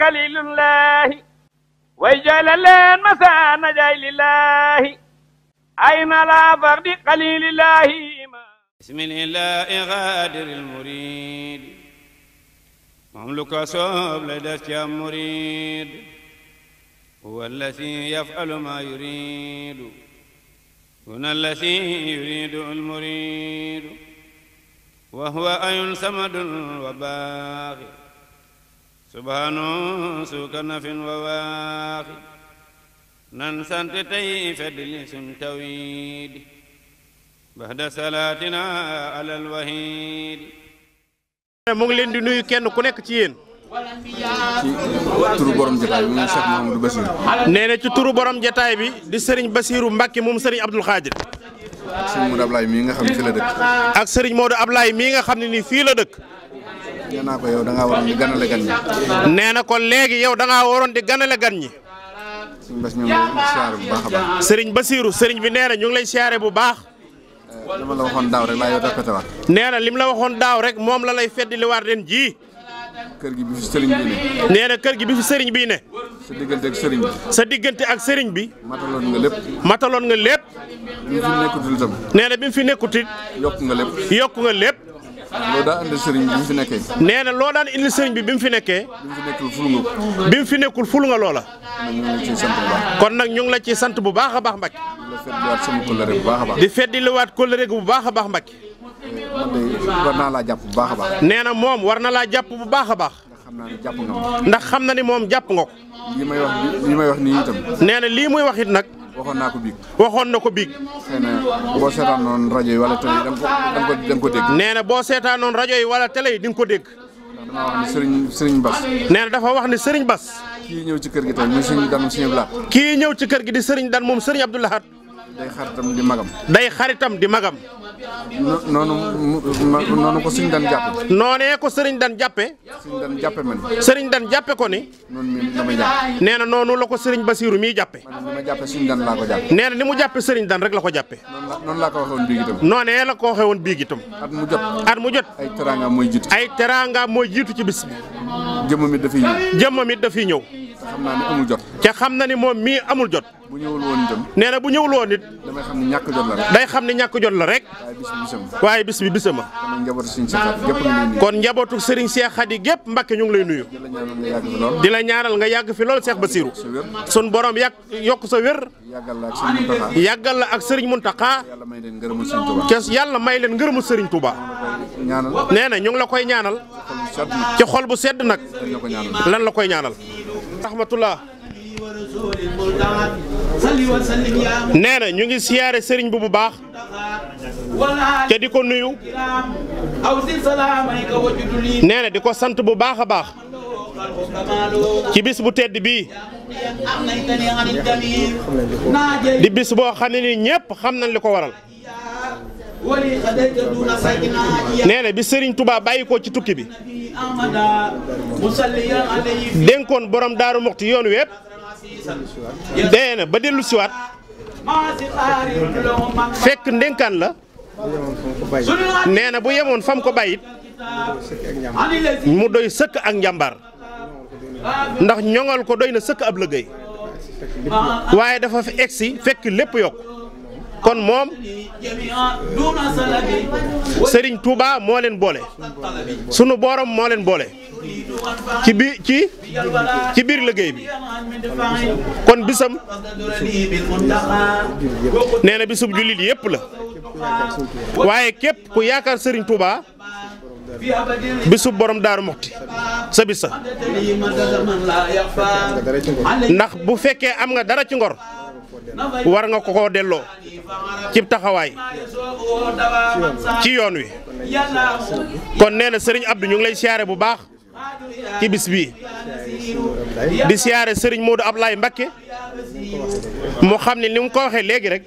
xalilullahi way jala leen masaana jay lillahi ay na laa fardi xalilillahi ma bismillahi xaadiril murid moom lu ko soob la def ci am murid huwa allasi yafalu ma yuridu هنا الذي يريد المريد وهو أي صمد وباغي subhaanu suuka nafin wa waaxi nan sant tey feddli sun tawidi baxda salaatina alal wahiidi mu ngi leen di nuyu kenn ku nekk ci yéen ci turu borom jataay bi muy Cheikh Mouhamadou Bassir nee na ci turu borom jataay bi di sëriñ Bassirou Mbacke moom sëriñ Abdoul Khadir ak sëriñ Modou Ablaye mii nga xam ne fii la dëkk ak sëriñ Modou Ablaye mii nga xam ne nii fii la dëkk nee naa da ngaa waroon di ganale gan ñi. nee na ko léegi yow da waroon di ganale gan ñi. sëriñ Bas ñu ngi lay siyaare sëriñ bi nee na lay siyaare bu baax. Eh, li ma la waxoon nee na la waxoon daaw rek moom la lay fedd den ji. kër gi bi fi sëriñ bi ne. nee kër gi bi fi sëriñ bii ne. sa diggante ak sëriñ bi. sa diggante ak sëriñ bi. mataloon nga lépp. mataloon nga lépp. bi fi nekkutul itam. nee bi fi nekkutit yokku nga lépp. yokku nga lépp. loo daan indil sëriñ bi bi mu fi nekkee. nee na loo daan indil sëriñ bi bi mu fi nekkee. bi mu fi nekkul ful nga ko. bi mu fi nekkul loola. kon nag ñu ngi la ciy sant bu baax a baax Mbacke. di feddiwaat kóllëre bu baax a baax Mbacke. naa laa jàpp bu baax a baax. nee na moom war na laa jàpp bu baax a baax. ndax xam na ni moom jàpp nga ko. lii may wax lii may wax nii itam. nee na lii muy wax it nag. waxoon naa ko biig waxoon na ko biig. xëy na boo seetaanoon rajo yi wala télé yi da ko da ko dégg. nee na boo seetaanoon rajo yi wala tele yi di nga ko dégg. dama wax ne Serigne Serigne Bass. dafa wax ne sëriñ bas kii ñëw ci kër gi tamit muy Serigne Dan moom Serigne kii ñëw ci kër gi di Serigne Dan moom Serigne Abdou Lahad. day xaritam di magam. day xaritam di magam. noonu noonu ko sëriñ dan jàppe noonee ko sëriñ dan jàppe sëriñ dan jàppe man sëriñ dan jàppe ko ni nee na noonu la ko sëriñ Basiiru mii jàppe nee na ni mu jàppe sëriñ dan rek la ko jàppe noonu la ko waxee woon bii itam noonee la ko waxee woon bii itam at mu jot at mu jot ay teraanga mooy jiitu ay teraanga mooy jiitu ci bis bi jëmmam it dafiy ñëw jëmmam ñëw xam naa jot. te xam na ni moom mii amul jot. bu ñëwul woon itam. nee na bu ñëwul woon it. damay xam ñàkk jot la day xam ne ñàkk jot la rek. waaye bis bi bisama. kon njabootu Serigne Cheikh Khady gépp Mbacke ñu ngi lay nuyu. di la ñaanal nga yàgg fi lool Cheikh Basirou. sun borom yàgg yokk sa wér. yàggal la ak Serigne Mountakha. ca yàlla may leen ngërëmu Serigne Touba. nee na ñu ngi la koy ñaanal. ca xol bu sedd nag. lan la koy ñaanal. rahmatullah nee na ñu ngi siyaare sëriñ bi bu baax te di ko nuyu neena di ko sant bu baax a baax ci bis bu tedd bii di bis boo xam ne ni ñépp xam nañ li ko waral neena bi sëriñ Touba bàyyikoo ci tukki bi dénkoon borom Daaru Muxti yoon wépp dee na ba dellu siwaat fekk ndénkaan la nee na bu yemoon fam ko bàyyit mu doy sëkk ak njàmbar ndax ñoŋal ko doy na sëkk ab liggéey waaye dafa egsi fekk lépp yokk kon moom sëriñ Touba moo leen boole sunu borom moo leen boole ci bi ci ci biir liggéey bi kon bisam nee na bisub jullit yépp la waaye képp ku yaakaar sëriñ Touba bisub borom daaru moxti sa bis ndax bu fekkee am nga dara ci ngor. war nga ko koo delloo cib taxawaay ci yoon wi kon nee na sëriñ Abdou ñu ngi lay siyaare bu baax ci bis bii di siyaare sëriñ Modou Ablaye Mbakke mu xam ne ni mu ko waxee léegi rek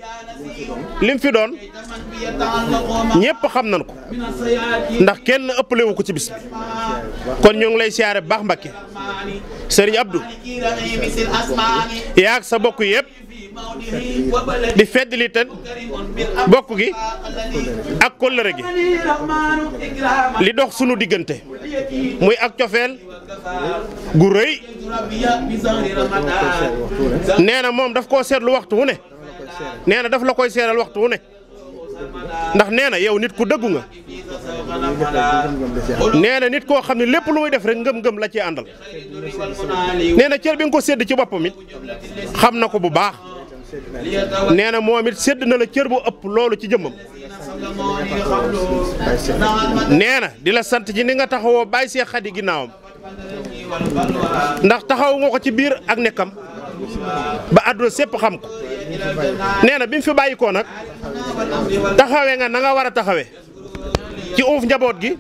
lim fi doon ñëpp xam nañ ko ndax kenn ëppale wu ko ci bis bi kon ñu ngi lay siyaare baax Mbakke sëriñ Abdou yaag sa bokk yépp di fedd li tan bokk gi ak kóllëre gi li dox sunu diggante muy ak cofeel gu rëy nee na moom daf koo seetlu waxtu wu ne nee na daf la koy seeral waxtu wu ne ndax nee na yow nit ku dëggu nga nee na nit koo xam ne lépp lu muy def rek ngëm-ngëm la ci àndal nee na cër bi nga ko sedd ci boppam it xam na ko bu baax nee na moom it sedd na la cër bu ëpp loolu ci jëmmam nee na di la sant ci ni nga taxawoo bay see xadi ginnaawam ndax taxaw nga ko ci biir ak nekkam ba àdduna sépp xam ko nee na bi mu fi bàyyikoo nag taxawee nga na nga war a taxawee ci uuf njaboot gi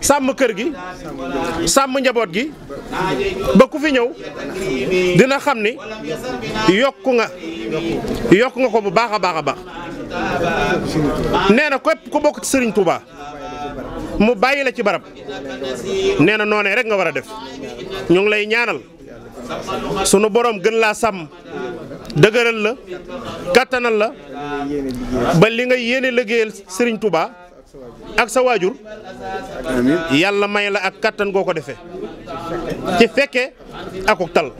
sàmm kër gi sàmm njaboot gi ba ku fi ñëw dina xam ni yokk nga yokk nga ko bu baax a baax a baax nee na képp ku bokk ci Serigne Touba mu bàyyi la ci barab nee na noonee rek nga war a def ñu ngi lay ñaanal sunu boroom gën laa sàmm dëgëral la kattanal la ba li nga yéene liggéeyal sëriñ Touba. ak sa waajur yàlla may la ak kattan goo ko defee ci fekke akuk tal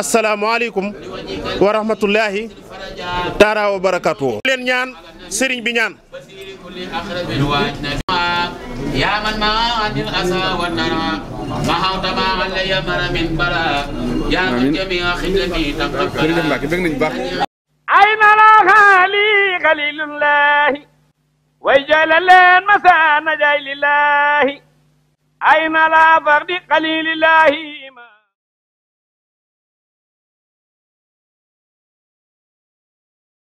asalaamaaleykum wa rahmatullahi taala wa barakaatu leen ñaan sëriñ bi ñaan yaa man maa andil asa wa nara ma xawta ma alaya mara min bara yaa man jamia xidami tam tam ay mala xaali xalilullahi way jayla leen masaana jay lillahi ay na laa fardi qalilillahi